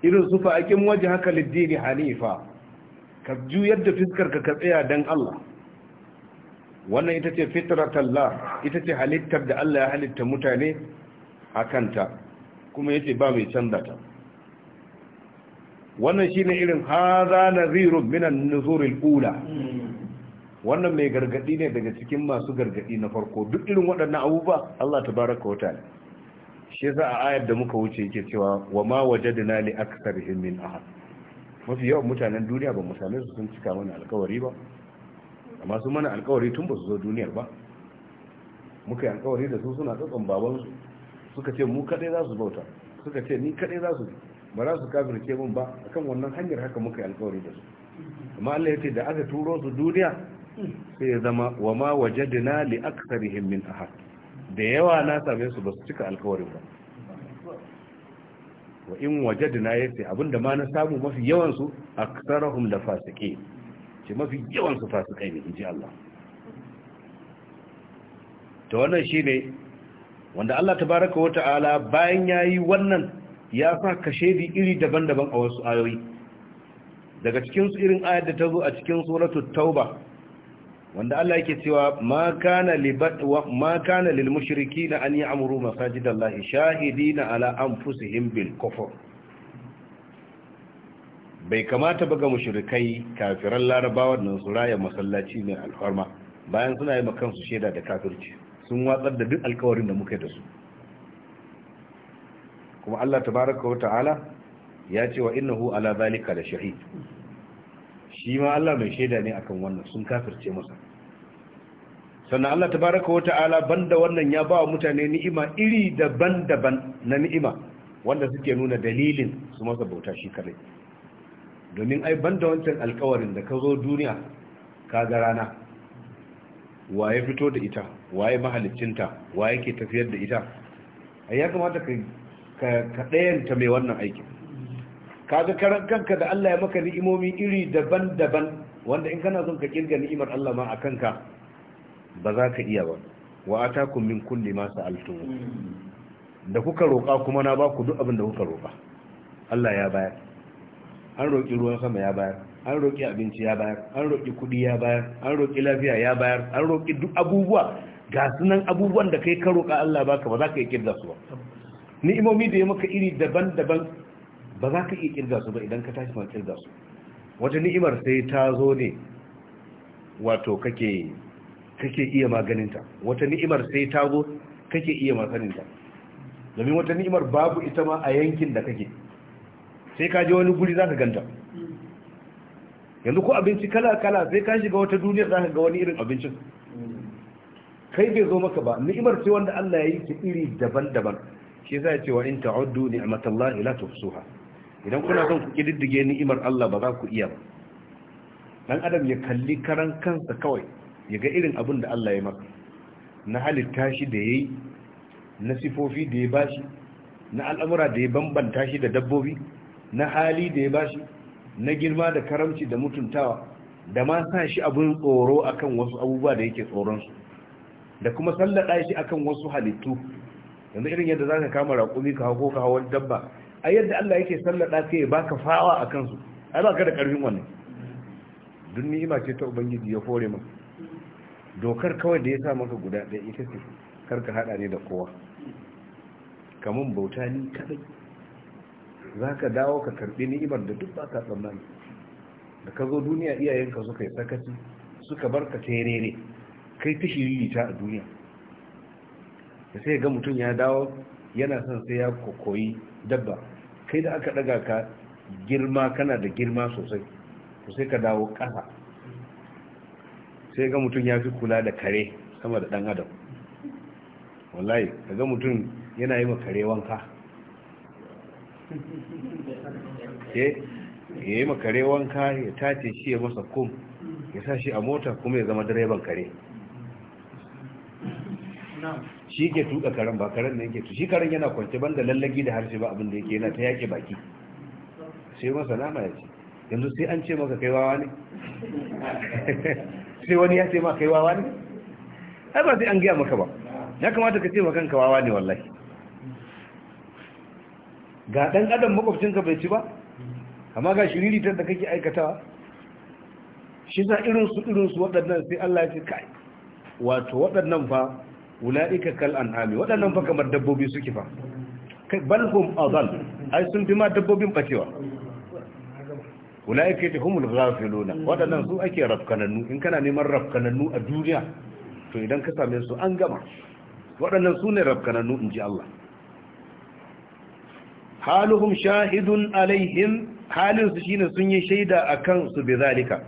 irin su fa akin waje haka liddini hanifa ka juyar da fiskarka ka tsaya dan Allah wannan ita ce fitratallah ita ce halittar da Allah ya halitta mutane a kuma yace ba mai canza ta wannan shi ne irin haza nazirun minan nuzurin ula wannan mai gargadi ne daga cikin masu gargadi na farko duk irin waɗannan abubuwa Allah ta baraka wa ne shi za a ayar da muka wuce yake cewa wa ma waje da nali aka aktharihim min ahad mafi yawan mutanen duniya ba mutane su sun cika mana alkawari ba amma su mana alkawari tun ba su zo duniyar ba muka yi alkawari da su suna tsatson babansu suka ce mu kaɗai za su bauta suka ce ni kaɗai za su bi ba za su kafirce mun ba akan wannan hanyar haka muka yi alkawari da su amma Allah ya ce da aka turo su duniya sai ya zama wa ma wajadna li aktharihim min ahad da yawa na same su ba su cika alkawari ba wa in wajadna yace abinda ma na samu mafi yawan su aktharahum la fasiqi ce mafi yawan su fasikai ne inji Allah to wannan shine wanda Allah tabaaraka wa ta'ala bayan yayi wannan ya sa shaidi iri daban-daban a wasu ayoyi daga cikin su irin ayar da ta zo a cikin suratul tauba wanda Allah yake cewa ma kana ma kana lil mushrikeena an ya'muru masajidallahi shahidina ala anfusihim bil kufr bai kamata ba ga mushrikai kafiran larabawa nan su raya masallaci mai alfarma bayan suna yi kansu shaida da kafirci sun watsar da duk alkawarin da muke da su kuma Allah tabaraka wa ta'ala ya ce wa innahu ala zalika la shahid shi ma Allah mai shaida ne akan wannan sun kafirce masa sannan Allah tabaraka wa ta'ala banda wannan ya ba wa mutane ni'ima iri daban-daban na ni'ima wanda suke nuna dalilin su masa bauta shi kadai domin ai banda wancan alkawarin da ka zo duniya ka ga rana waye fito da ita waye mahalicinta waye ke tafiyar da ita ai ya kamata ka ka ɗayanta mai wannan aikin kaga karan kanka da Allah ya maka ni'imomi iri daban-daban wanda in kana son ka kirga ni'imar Allah ma a kanka ba za ka iya ba wa atakum min kulli ma sa'altum da kuka roƙa kuma na ba ku duk abin da kuka roƙa Allah ya bayar an roƙi ruwan sama ya bayar an roƙi abinci ya bayar an roƙi kuɗi ya bayar an roƙi lafiya ya bayar an roƙi duk abubuwa ga sunan abubuwan da kai ka roƙa Allah baka ba za ka yi kirga su ba ni'imomi da ya maka iri daban-daban ba za ka iya kirga su ba idan ka tashi ma kirga su wata ni'imar sai ta zo ne wato kake kake iya maganinta wata ni'imar sai ta zo kake iya maganinta domin wata ni'imar babu ita ma a yankin da kake sai ka je wani guri za ka ganta yanzu ko abinci kala-kala sai ka shiga wata duniya za ka ga wani irin abincin kai bai zo maka ba ni'imar sai wanda Allah ya yi ta iri daban-daban shi yasa ya ce wa in ta'uddu ni'matallahi la tuhsuha idan kuna son ku kididdige ni'imar Allah ba za ku iya ba dan adam ya kalli karan kansa kawai ya ga irin abin da Allah ya maka na halitta shi da yayi na sifofi da ya bashi na al'amura da ya bambanta shi da dabbobi na hali da ya bashi na girma da karamci da mutuntawa da ma sa shi abin tsoro akan wasu abubuwa da yake tsoron su, da kuma sallada shi akan wasu halittu yanzu irin yadda za ka kama raƙumi ka hako ka hawan dabba a yadda Allah yake sallada ka ya baka fawa a kansu ai ka da ƙarfin wannan duk ni'ima ce ta ubangiji ya fore maka dokar kawai da ya sa maka guda ɗaya ita ce kar ka haɗa ne da kowa kamun bauta ni kadai ka dawo ka karɓi ni'imar da duk baka tsammani da ka zo duniya iyayenka suka yi sakaci suka barka terere kai ta shiririta a duniya da sai ga mutum ya dawo yana son sai ya kokoyi dabba kai da aka daga ka girma kana da girma sosai to sai ka dawo ƙasa sai ga mutum ya fi kula da kare sama da ɗan adam wallahi ka ga mutum yana yi kare wanka ya yi kare wanka ya tace shi ya masa kum ya sa shi a mota kuma ya zama direban kare shi ke tuka karen ba karen nan yake shi karen yana kwance da lallagi da harshe ba abin da yake yana ta yake baki sai masa nama ya ce yanzu sai an ce maka kai wawa ne (laughs) sai wani ya ce ma kai wawa ne ai ba sai an gaya maka ba ya kamata ka ce maka kanka wawa ne wallahi ga dan adam makwabcinka bai ci ba amma ga shiriritar da kake aikatawa shi za irin su irin su waɗannan sai Allah ya ce kai wato waɗannan fa ula'ika kal an'ami waɗannan fa kamar dabbobi suke fa kai hum azal ai sun bi ma dabbobin bacewa ula'ika ta humul ghafiluna waɗannan su ake rafkanannu in kana neman rafkanannu a duniya to idan ka same su an gama waɗannan su ne rafkanannu in ji Allah haluhum shahidun alaihim halin su shine sun yi shaida akan su bi zalika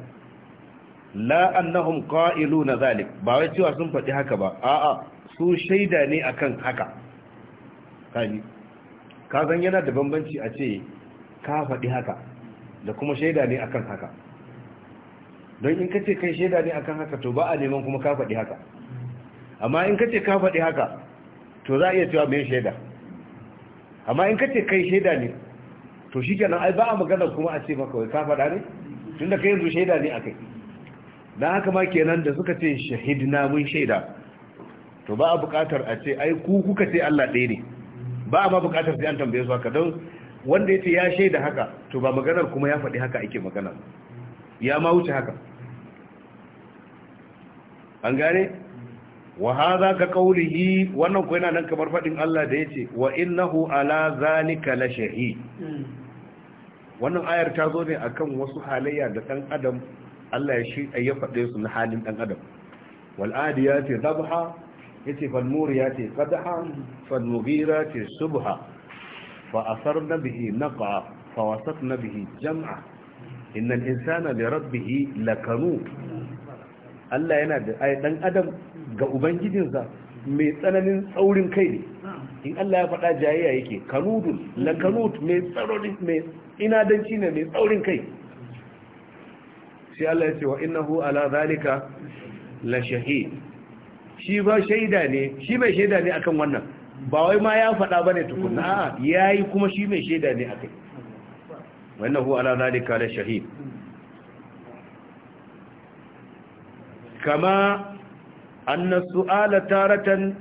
la annahum qa'iluna zalik ba wai cewa sun faɗi haka ba a'a su shaida ne akan haka kani ka zan yana da bambanci a ce ka faɗi haka da kuma shaida ne akan haka don in ka ce kai shaida ne akan haka to ba a neman kuma ka faɗi haka amma in ka ce ka faɗi haka to za a iya cewa mai shaida amma in ka ce kai shaida ne to shi kenan ai ba a magana kuma a ce maka wai ka faɗa ne tun da ka yanzu shaida ne a kai don haka ma kenan da suka ce shahidna mun shaida to ba a buƙatar a ce ai ku kuka ce Allah ɗaya ne ba a ba buƙatar sai an tambaye su haka don wanda ya ce ya shaida haka to ba maganar kuma ya faɗi haka ake magana ya ma wuce haka an gane wa hadha ka qawlihi wannan ko yana nan kamar faɗin Allah da yace wa innahu ala zalika la shahid wannan ayar ta zo ne akan wasu halayya da dan adam Allah ya shi ya faɗe su na halin dan adam wal adiyati dhabha yace falmuriya ce qadha falmughira ce subha fa na bihi naqa fa na bihi jam'a innal insana li rabbih lakanu Allah yana da ai dan adam ga ubangijinsa mai tsananin tsaurin kai ne in Allah ya faɗa jayayya yake kanudun lakanut mai tsarorin mai inadanci ne mai tsaurin kai sai Allah ya ce wa innahu ala zalika la shahid shi ba shaida ne shi mai shaida ne akan wannan ba wai ma ya faɗa ba ne tukuna. ya yi kuma shi mai shaida ne a akai wannan hu ala zalika da shahid kama anna su'ala taratan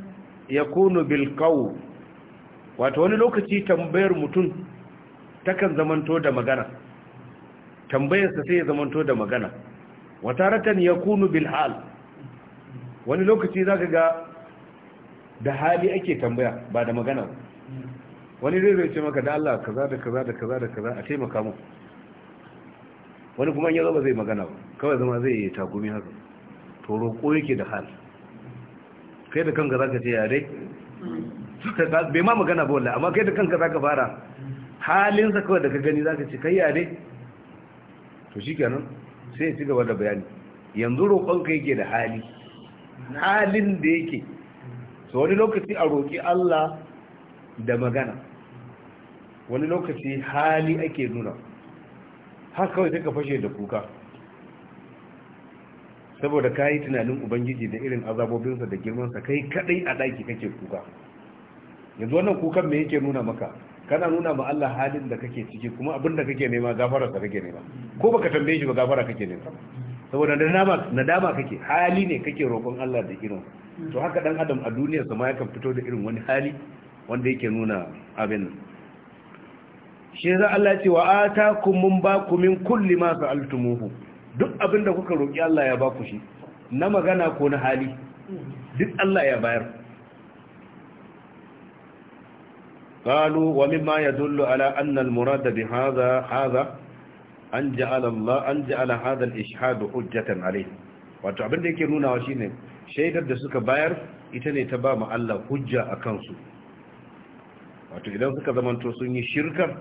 yakunu bil qawl wato wani lokaci tambayar mutum takan zamanto da magana tambayarsa sai ya zamanto da magana Wa taratan yakunu bil hal wani lokaci za ka ga da hali ake tambaya ba da magana wani zai zai ce maka da Allah kaza da kaza da kaza da kaza a taimaka mu wani kuma yi zama zai magana ba kawai zama zai yi takumi haka to roƙo yake da hali kai da kanka za ka ce ya dai bai ma magana ba wallahi amma kai da kanka za ka fara halinsa kawai da ka gani za ka ce kai ya dai to shikenan sai ya ci gaba da bayani yanzu roƙonka yake da hali halin da yake so wani lokaci a roƙi Allah da magana wani lokaci hali ake nuna haka kawai suka fashe da kuka saboda ka yi tunanin ubangiji da irin azabobinsa da girmansa kai kadai a ɗaki kake kuka yanzu wannan kukan me yake nuna maka kana nuna ma Allah halin da kake ciki kuma abinda kake nema gafararsa kake nema ko baka tambaye shi ba gafara kake nema saboda na nadama kake hali ne kake roƙon Allah da irin to haka dan adam a duniya sama ma yakan fito da irin wani hali wanda yake nuna abin shi za Allah ce wa atakum mun baku min kulli ma sa'altumuhu duk abin da kuka roki Allah ya baku shi na magana ko na hali duk Allah ya bayar قالوا ومما يدل على أن المراد بهذا هذا an ja'ala Allah an ja'ala hadha al hujjatan alayhi wato abin da yake nunawa shine shaidar da suka bayar ita ne ta ba mu Allah hujja a kansu wato idan suka zamanto sun yi shirka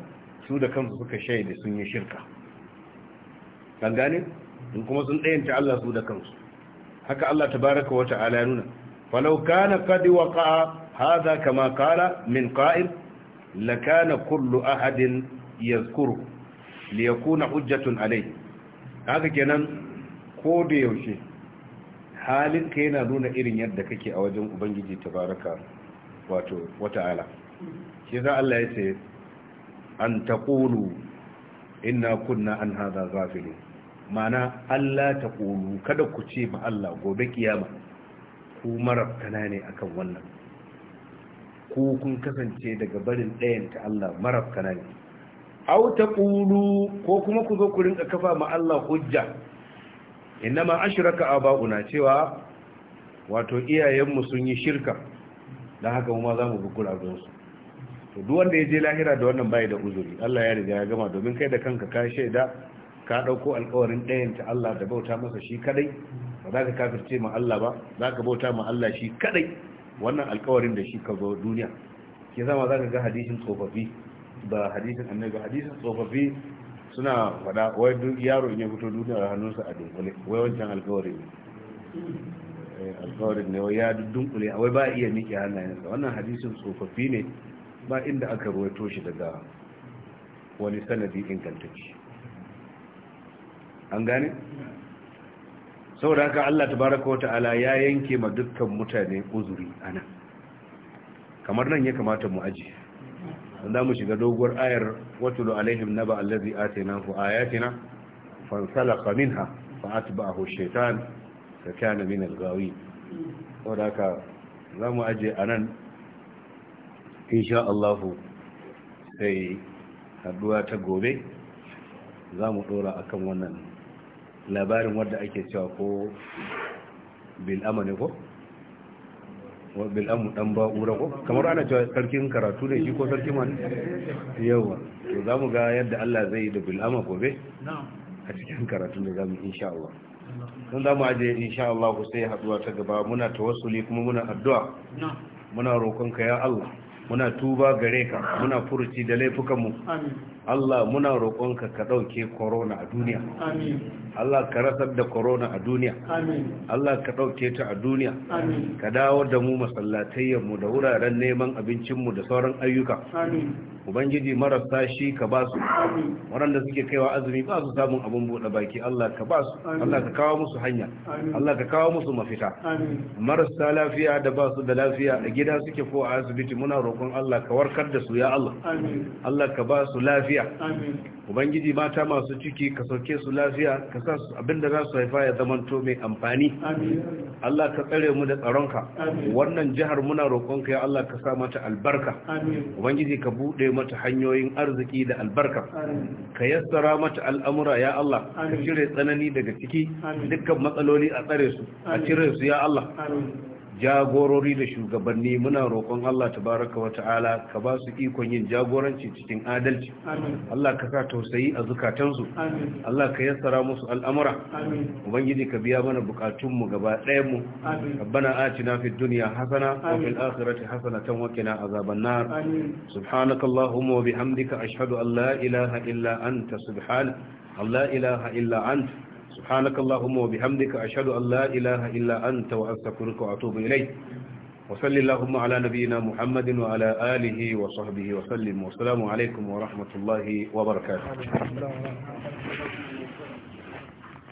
su da kansu suka shaida sun yi shirka kan gane in kuma sun tsayanta Allah su da kansu haka Allah tabaraka wa ta'ala ya nuna falau kana qad waqa'a hadha kama qala min qa'il lakana kullu ahadin yazkuruhu liyakuna hujjatun alai haka kenan ko da yaushe halinka yana nuna irin yadda kake a wajen ubangiji tabaraka wato ala. shi za Allah ya ce an taqulu inna kunna an hadha ghafilin mana Allah ta kada ku ce ma Allah gobe kiyama ku marabtana ne akan wannan ku kun kasance daga barin ɗayan ta Allah marabtana ne aw taqulu ko kuma ku zo ku rinka kafa ma Allah hujja innama ashraka aba'una cewa wato iyayenmu sun yi shirka dan haka mu ma zamu bi kurabun su to duk wanda ya je lahira da wannan bai da uzuri Allah ya riga ya gama domin kai da kanka ka shaida ka dauko alƙawarin ɗayan ta Allah da bauta masa shi kadai ba za ka kafirce ma Allah ba za ka bauta ma Allah shi kadai wannan alƙawarin da shi ka zo duniya ke zama za ka ga hadisin tsofaffi ba hadisin annabi ba hadisin tsofaffi suna faɗa wai duk yaro in ya fito duniya hannunsa a dunkule wai wancan alkawari ne eh, alkawari ne wai ya dunkule wai ba iya miƙe hannayensa wannan hadisin tsofaffi ne ba inda aka ruwaito shi daga wani sanadi ingantacci an gane saboda haka Allah tabaraka wata'ala ya yanke ma dukkan mutane uzuri ana kamar nan ya kamata mu ajiye za mu shiga doguwar ayar watulu alaihim naba allazi atainahu ayatina fansalaka minha fa atba'ahu shaytan fa kana min al-ghawi saboda haka za mu aje anan insha Allah sai haduwa ta gobe za mu dora akan wannan labarin wadda ake cewa ko bil amane ko bil'amu dan ba'ura ko kamar ana cewa sarkin karatu ne shi ko sarki man yawa to za mu ga yadda Allah zai yi da bil'ama gobe a cikin karatu ne za mu insha Allah don za mu aje insha Allah ku sai haɗuwa ta gaba muna tawassuli kuma muna addu'a muna roƙonka ya Allah muna tuba gare ka muna furuci da laifukanmu Allah muna roƙonka ka ɗauke korona a duniya Allah ka rasar da korona a duniya Allah ka ɗauke ta a duniya ka dawo da mu masallatayyarmu da wuraren neman abincinmu da sauran ayyuka ubangiji marasa shi ka ba su waɗanda suke kaiwa azumi ba su samun abin buɗe baki Allah ka ba su Allah ka kawo musu hanya Allah ka kawo musu mafita marasa lafiya da ba su da lafiya a gida suke ko a asibiti muna roƙon Allah ka warkar da su ya Allah Allah ka ba su lafiya ubangiji mata masu ciki ka sauke su lafiya ka sa su abinda za su haifa ya zamanto mai amfani Allah ka tsare mu da tsaronka wannan jihar muna rokonka, ya Allah ka sa mata albarka ubangiji ka buɗe mata hanyoyin arziki da albarka ka yassara mata al'amura ya Allah ka cire tsanani daga ciki dukkan matsaloli a tsare su a cire su ya Allah jagorori da shugabanni muna roƙon Allah tabaraka wa ta'ala ka ba su ikon yin jagoranci cikin adalci Allah ka sa tausayi a zukatansu Allah ka yassara musu al'amura ubangiji ka biya mana bukatunmu gaba ɗayan mu rabbana atina fid dunya hasana wa fil akhirati hasanatan wa qina azaban nar subhanakallahumma wa bihamdika ashhadu an la ilaha illa anta subhanaka لا إله إلا أنت سبحانك اللهم وبحمدك أشهد أن لا إله إلا أنت وأستغفرك وأتوب إليك وصل اللهم على نبينا محمد وعلى آله وصحبه وسلم والسلام عليكم ورحمة الله وبركاته